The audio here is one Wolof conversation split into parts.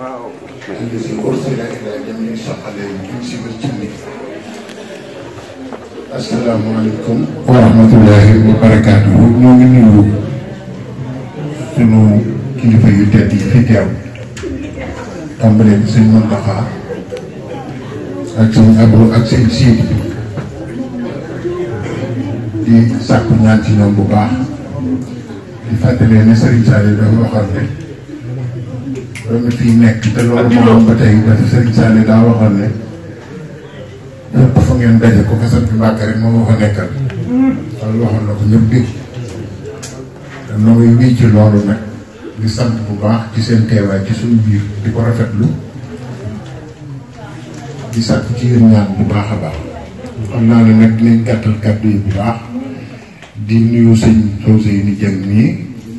waaw أرسل إلى جميع الثقلين من سوى السلام عليكم ورحمة الله وبركاته ñoo ngi nuyu sunu kilifa yu tedd yi fi di sàkku ñaan ci ñoom bu baax di fàttalee ne dafa ne loolu fii nekk te loolu moo am ba tey ba Serigne Saliou daa waxoon ne fépp fa ngeen daje ko fasal bi Mbàkke rek moo ma fa nekkal mm. loolu waxoon na ko ñëpp dégg te noo wii ci loolu nag di sant bu baax ci seen teewaay ci suñu biir di ko rafetlu di sant ci yéen ñaan bu baax a baax xam naa ne nag dinañ gàttal kàddu yi bu baax di nuyu sëñ José yi ni jëng nii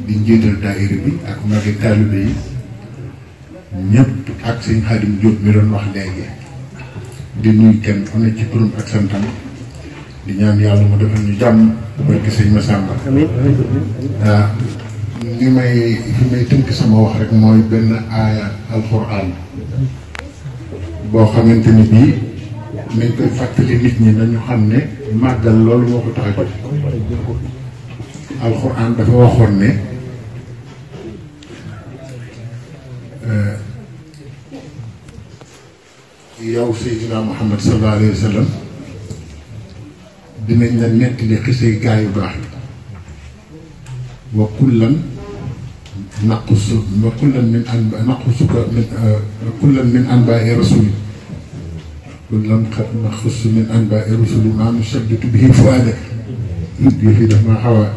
di njiital daayira bi ak magi taalibe yi ñëpp ak sëñ xaadim jóob mi doon wax léegi di nuy kenn ku ne ci turam ak santam di ñaan yàlla mu defal ñu jàmm barki sëñ Massamba waaw ah, li may fi may tënk sama wax rek mooy benn aaya alquran boo xamante ni bii nañ koy fàttali nit ñi nañu xam ne màggal loolu moo alquran dafa waxoon ne سيدنا محمد صلى الله عليه وسلم بمن نت لخسي جاي باح وكلا نقص وكلا من أنب... نقص من أ... كلا من انباء رسول كلا نقص من انباء رسول ما نشدد به فؤادك يبدي في ما حوى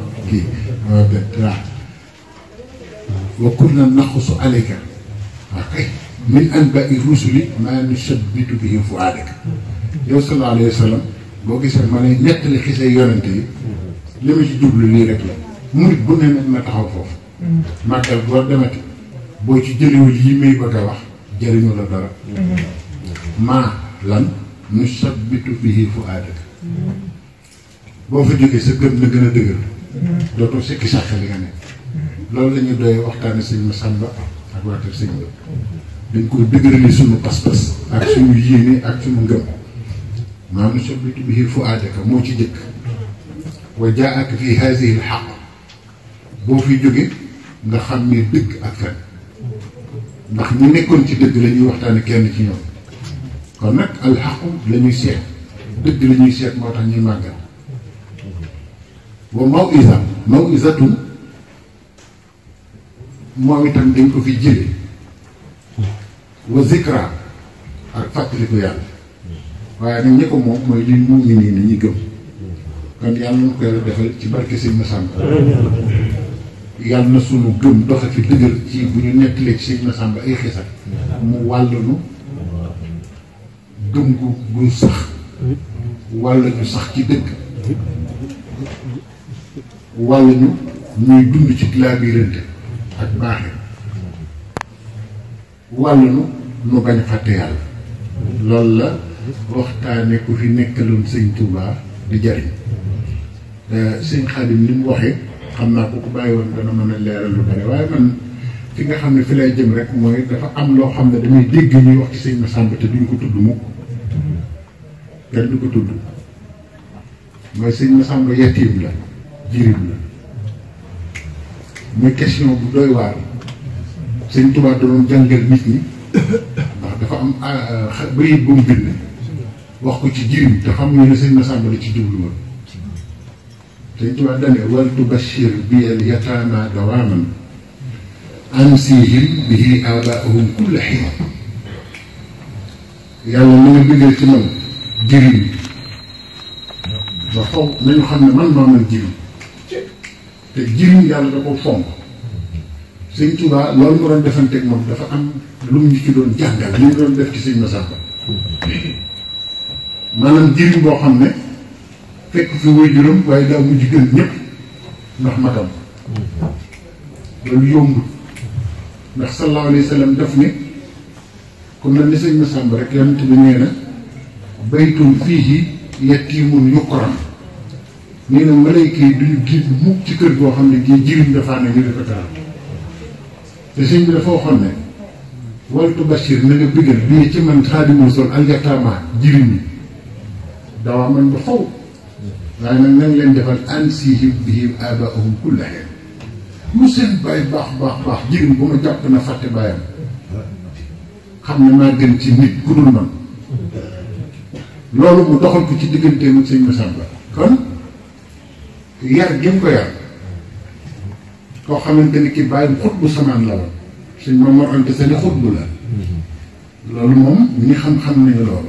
وكلا نقص عليك أكيد. من انباء الرسل ما نشبت به فؤادك يو صلى الله عليه وسلم بو كيس ما ني نيت لي خيس يونتي لي مي دوبل لي رك لا موريت بو نين ما تاخو فوف ما كال بو دمتي بو تي جيريو لي مي بغا واخ جيريو لا دار ما لان نشبت به فؤادك بو في ديكي سا گم نا گنا دگر دوتو سيكي ساخ لي گاني لولو لا ني دوي واخ تاني سيغ مسامبا ak wa dañ koy dëgërali suñu pas-pas ak suñu yéene ak suñu ngëm maa nusabbitu bihi fuaadaka moo ci jëkk wa jaaka fi haadihi alxaq boo fi jóge nga xam ni dëgg ak fen ndax ñu nekkoon ci dëgg la ñuy kenn ci ñoom kon nag alxaqu la ñuy seet dëgg la ñuy seet moo tax ñuy màggal wa mawisa mawisatun moom itam dañ ko fi jële wa zikra ak fàttaliku yàlla waaye nag ñi ko moom mooy li mu nii ni ñuy gëm kon yàlla na ko yàlla defal ci barke sëñ Massamba yàlla na sunu gëm doxe fi dëgër ci bu ñu nettalee ci sëñ Massamba ay xisal mu wàllunu gëm gu gu sax wàlluñu sax ci dëgg wàlluñu ñuy dund ci laa biirante ak baaxe wàllunu nu bañ fàtte yàlla loolu la waxtaane ku fi nekkaloon sëñ Touba di jariñ sëñ Xaadim li mu waxee xam naa ku ko bàyyi woon dana mën waaye man fi nga xam ne fi lay jëm rek mooy dafa am loo xam ne damay dégg ñuy wax ci sëñ Massamba te duñ ko tudd mu kenn du ko tudd mooy sëñ Massamba yatiim la jirim la muy question bu doy waar sëñ Tuubaa doon jàngal nit ñi ndax dafa am bëyit ah, bu mu bind wax ko ci jirim te xam nga ne sëñ Masamba la ci jublu woon sëñ Tuubaa dane waltu bashir bi al yataama dawaaman ansihim bihi abaahum kulla xiin yàlla na nga bëggal ci man jirim ba faw nañu xam ne man maa man jirim te jirim yàlla da ko fonk sëñ Touba loolu mu doon defanteeg moom dafa am lu ñu ci doon jàngal li mu doon def ci sëñ Massamba maanaam jëriñ boo xam ne fekk fi way juróom waaye daaw mujj gën ñëpp ndax matam loolu ndax sallallahu alayhi daf ne ni sëñ rek yonent bi nee na baytun fiihi yatiimun yukram nee na malayka yi duñu giib mukk ci kër goo xam ne dafaa ne ñu dafa taal te sëñ bi dafa waxoon ne waltu bashir na nga bëggal bii ci man xaadimul sol aljataama jiriñ yi dawaa man ba faw waaye nag nañ leen defal ansihim bihim abaahum kullahum mu seen bàyyi baax baax baax jiriñ bu ma jàpp na fàtte bàyyam xam ne maa gën ci nit ku dul man loolu mu doxal ko ci digganteem ak sëñ Masamba kon yar gi ko yar koo xamante ni ki bàyyi xutbu samaan la woon suñ moom moo ante seen xutbu la loolu moom ñi xam-xam nañu loolu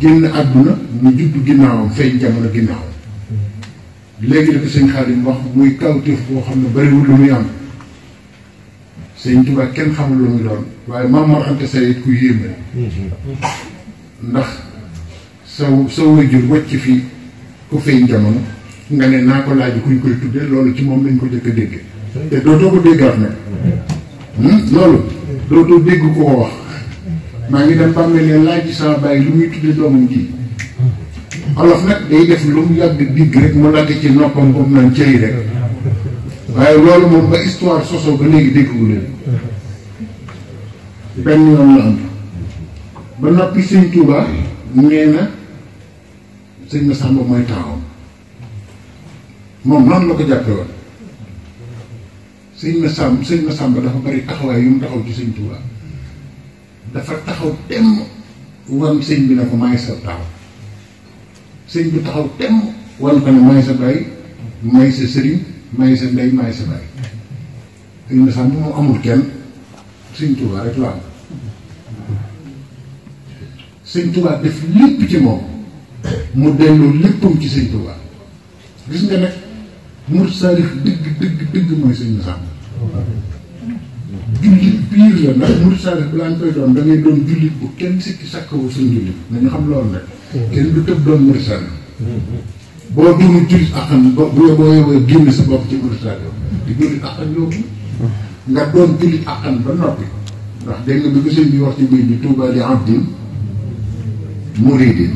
génn àdduna mu juddu ginnaawam feeñ jamono ginnaawam léegi la ko sëñ Xaadim wax muy kawtif boo xam ne bëriwul lu muy am sëñ Tuubaa kenn xamul lu muy doon waaye Maam Mor Anta Sali it ku yéeme ndax sa sa wajur wàcc fi ku feeñ jamono nga ne naa ko laaj kuñ koy tuddee loolu ci moom lañ ko jëkk a dégg te dootoo ko déggaat nag hmm? loolu dootoo dégg ko wax maa ngi dem bàmmeel ne laaj saa bàyyi lu muy tuddee doomam ji olof nag day def lu mu yàgg digg rek mu dagg ci noppam boobu naan cëy rek waaye loolu moom ba histoire sosoo ba léegi déggu leen benn yoon la am ba noppi sëñ Tuubaa nee na sëñ mooy taawam moom noonu la ko jàppe woon sëñ Massamba sëñ Massamba dafa bari taxawaay yu mu taxaw ci sëñ Tuubaa dafa taxaw temm wan sëñ bi nag ko maay sa taaw sëñ bi taxaw temm wan ko ne maay sa baay maay sa sëriñ maay sa ndey maay sa baay sëñ Massamba moom amul kenn sëñ Tuubaa rek la am sëñ Tuubaa def lépp ci moom mu dellu léppam ci sëñ Tuubaa gis nga nag mur salif dëgg dëgg dëgg mooy sëñ sàmm jullit la nak mur salif balaa koy doon da ngay doon jullit bu kenn sikki sàkkawu sëñ jullit xam kenn du doon mur salif boo dumu jullit axam bo bu yoboo yoboo génn ci mur di jullit axam yóbbu nga doon jullit axam ba noppi ndax dégg bi ko bi wax ci abdin muridin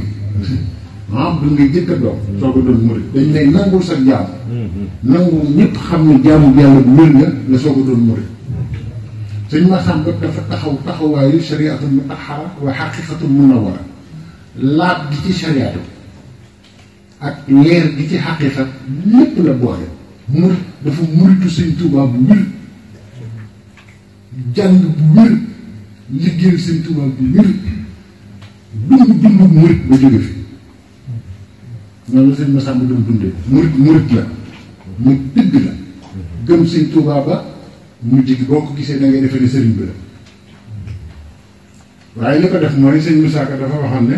ah du ngay jëkk a doom soo ko doon murit dañ lay nangul sax jaam nangu ñëpp xam ne jaamu yàlla bu wér nga la soo ko doon murit sëñ ma xam ba dafa taxaw taxawaayu shariatu mutahara wa xaqiqatu munawara laab gi ci shariatu ak leer gi ci xaqiqa lépp la boole murit dafa muritu sëñ Tuubaa bu wér jàng bu wér liggéeyal sëñ Tuubaa bu wér dund dund murit ba jóge fi noonu sëñ Massamba doon dundee murid murit la mu dëgg la gëm sëñ Tuubaa ba mu jigi boo ko gisee da ngay defee ne sëriñ bi la waaye li ko def mooy sëñ Moussa Ka dafa waxoon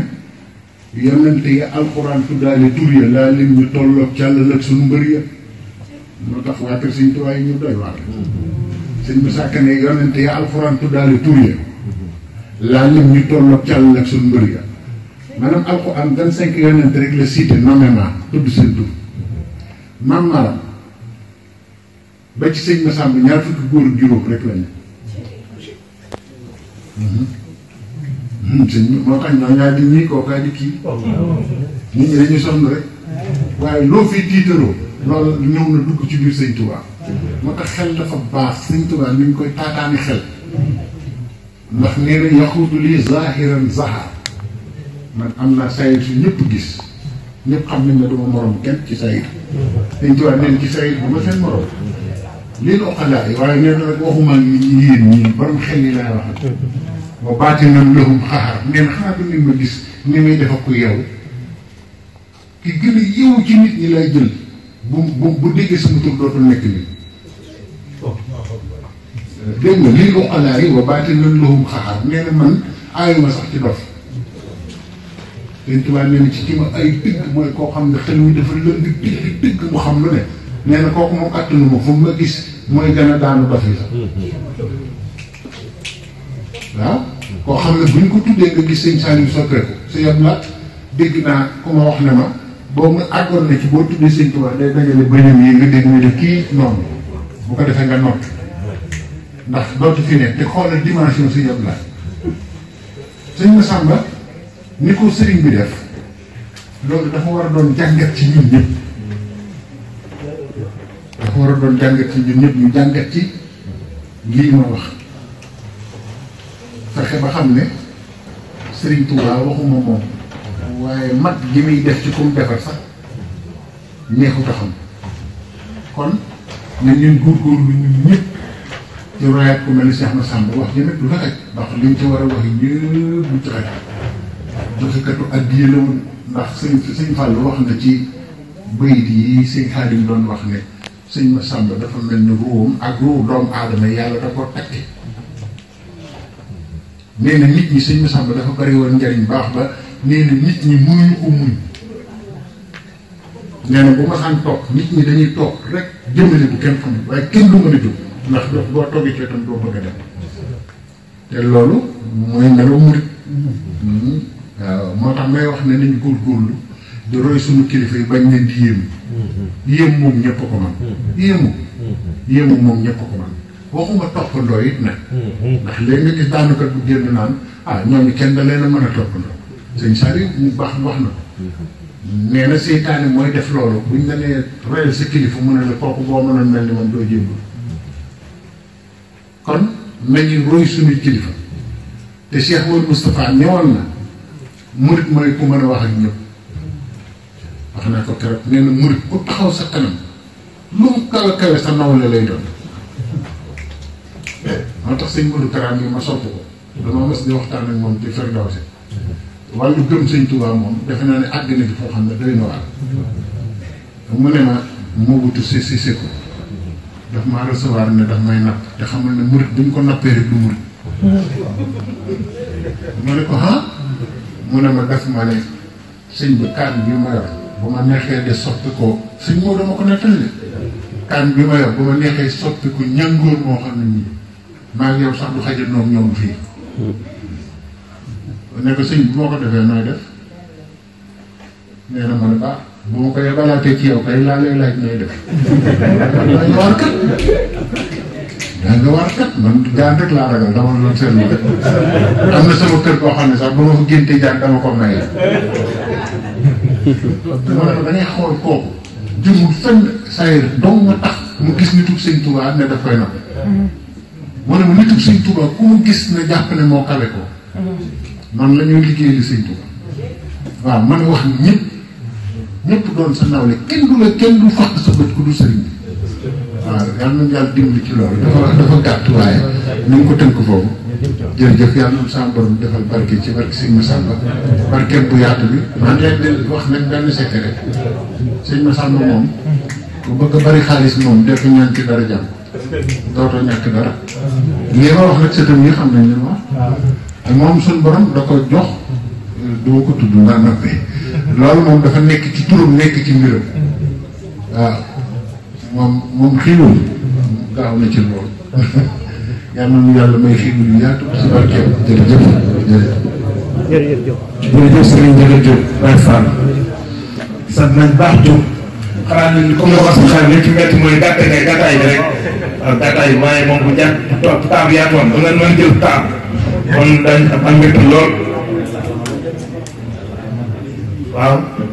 ne yonente yi alxuraan tuddaale tur ya laa lim ñu tolloog càllal ak suñu mbër ya moo tax waa kër sëñ yi ñu doy sëñ Ka ya lim ñu suñu ya maanaam alxuraan vingt cinq yonent rek la cité nommément tudd seen tur maam maram ba ci sëñ Masamba ñaar fukki góor ak juróom rek la mhm. mhm. ñu rek waaye loo fi tiitaroo loolu ñëw na ci biir sëñ Tuubaa moo tax xel dafa baax sëñ Tuubaa ni koy taataani xel ndax nee na yaxutu lii zahiran zahar man am naa sayir si ñëpp gis ñëpp xam nañ ne duma morom kenn ci sayir dañ ci wax neen ci sayir bu ma yi waaye nee xel yi laay waxal ba baati nam lahum xaxar neen xanaa du ngeen ma sax ci dof dañ tubaab nee na ci kii ma ay dëgg mooy koo xam ne xel wi dafa lënd dëgg dëgg mu xam lu ne nee na kooku moom attanu ma fu ma gis mooy gën a daanu ba fii la waaw koo xam ne bu ñu ko tuddee nga gis sëñ Saliou soppeeku sa yab dégg naa ku ma wax ne ma boo nga àggoon na ci boo tuddee sëñ tubaab day dajale bëñam yi nga dégg ñu def kii noonu bu ko defee nga nott ndax dootu fi ne te xoolal dimension si yab laat sëñ Massamba ni ko sëriñ bi def loolu dafa war a doon jàngat ci ñun ñëpp dafa war a doon jàngat ci ñun ñëpp ñu jàngat ci lii ma wax fexe ba xam ne sëriñ Touba waxuma moom waaye mat gi muy def ci kum mu defar sax neexut a xam kon nañ leen góorgóorlu ñun ñëpp ci royaat ku mel ni Cheikh Massamba wax ji nag du fa xaj ndax liñ ci war a wax yëpp lu ci xaj joxekatu addiya la woon ndax sëñ sëñ Fall wax na ci bayit yi sëñ Xaadim doon wax ne sëñ Massamba dafa mel ni ruum ak ruu doomu aadama yàlla da ko takki na nit ñi sëñ Massamba dafa bari woon njariñ baax ba nee na nit ñi mënuñu ko muñ nee na bu ma saan toog nit ñi dañuy toog rek jëmale bu kenn xamul waaye kenn du mën a jóg ndax boo toogee ci itam doo bëgg a dem te loolu mooy melo murit waaw moo tax may wax ne nañ góorgóorlu di roy suñu kilifa yi bañ leen di yéemu yéem moom ñëpp ko man yéemu yéemu moom ñëpp ko man waxuma toppandoo it nag ndax léegi nga gis daanukat bu génn naan ah ñooñu kenn da leen a mën a toppandoo sëñ Saliou mu baax seytaane mooy def loolu buñ la nee royal sa kilifa mu ne la kooku boo mënoon mel ni man doo jébbul kon nañu roy suñuy kilifa te Cheikh Wal Moustapha ñëwoon na murit mooy ku mën a wax ak ñëpp wax naa ko keroog nee na murit ku taxaw sa kanam lu mu kawe kawe sa nawle lay doon moo tax sëñ Modou Karaam yi ma sopp ko dama mas di waxtaan ak moom ci si wàllu gëm sëñ Tuubaa moom defe naa ne àgg na ci foo xam ne doy na waar mu ma moo wutu si si si ko daf maa recevoir may napp te xam ne murit bu ñu ko nappee rek du murit ma ne ko ah mu ne ma def ma ne sëñ bi kaan bi ma yor bu ma neexee de soppi ko sëñ moo dama ko nettali de kaan bi ma yor bu ma neexee soppi ko ñàngoor moo xam ne nii maa ngi yow sax du xaja noom fii ne ko sëñ bi moo ko defee nooy def nee na ma ne baax bu ma koy balaatee ci yow kay laa lay laaj nooy def yaa nga war kat man jaan rek laa ragal dama doon seetlu rek am na sama kër koo xam ne sax bu ma génte jaan dama ko may la. dama ne da ngay mu gis nitub sëñ Tuubaa koy nag mu ne ma nitub sëñ Tuubaa ku mu gis ne jàpp ne moo kale ko man la liggéey li sëñ Tuubaa waaw man wax ñëpp ñëpp doon sa nawle kenn du la kenn du fàq sa bët ku du sëriñ bi waaw yal nañu yàlla dimbali ci loolu dafa dafa gàtt waaye nañ ko tënk foofu jërëjëf yàlla na sama borom defal barke ci barke sëñ Massamba barke bu yaatu bi man leen di wax nag benn secret sëñ Massamba moom bu bëgg a bari xaalis moom def ñaan ci dara jàmm dootoo ñàkk dara wax nag sëtam yi xam nañ li ma wax moom suñ borom da ko jox duma ko tudd nga noppi loolu moom dafa nekk ci turam nekk ci mbiram waaw moom moom xiiwul gaaw na ci lool yal nañu yàlla may xiiwul yu yaatu si barkeem jërëjëf jërëjëf jërëjëf sëriñ jërëjëf Baye Fall sant nañ baax Diop xanaa nañ comme la wax sa xel li ci métti mooy gàtte ne gàttaay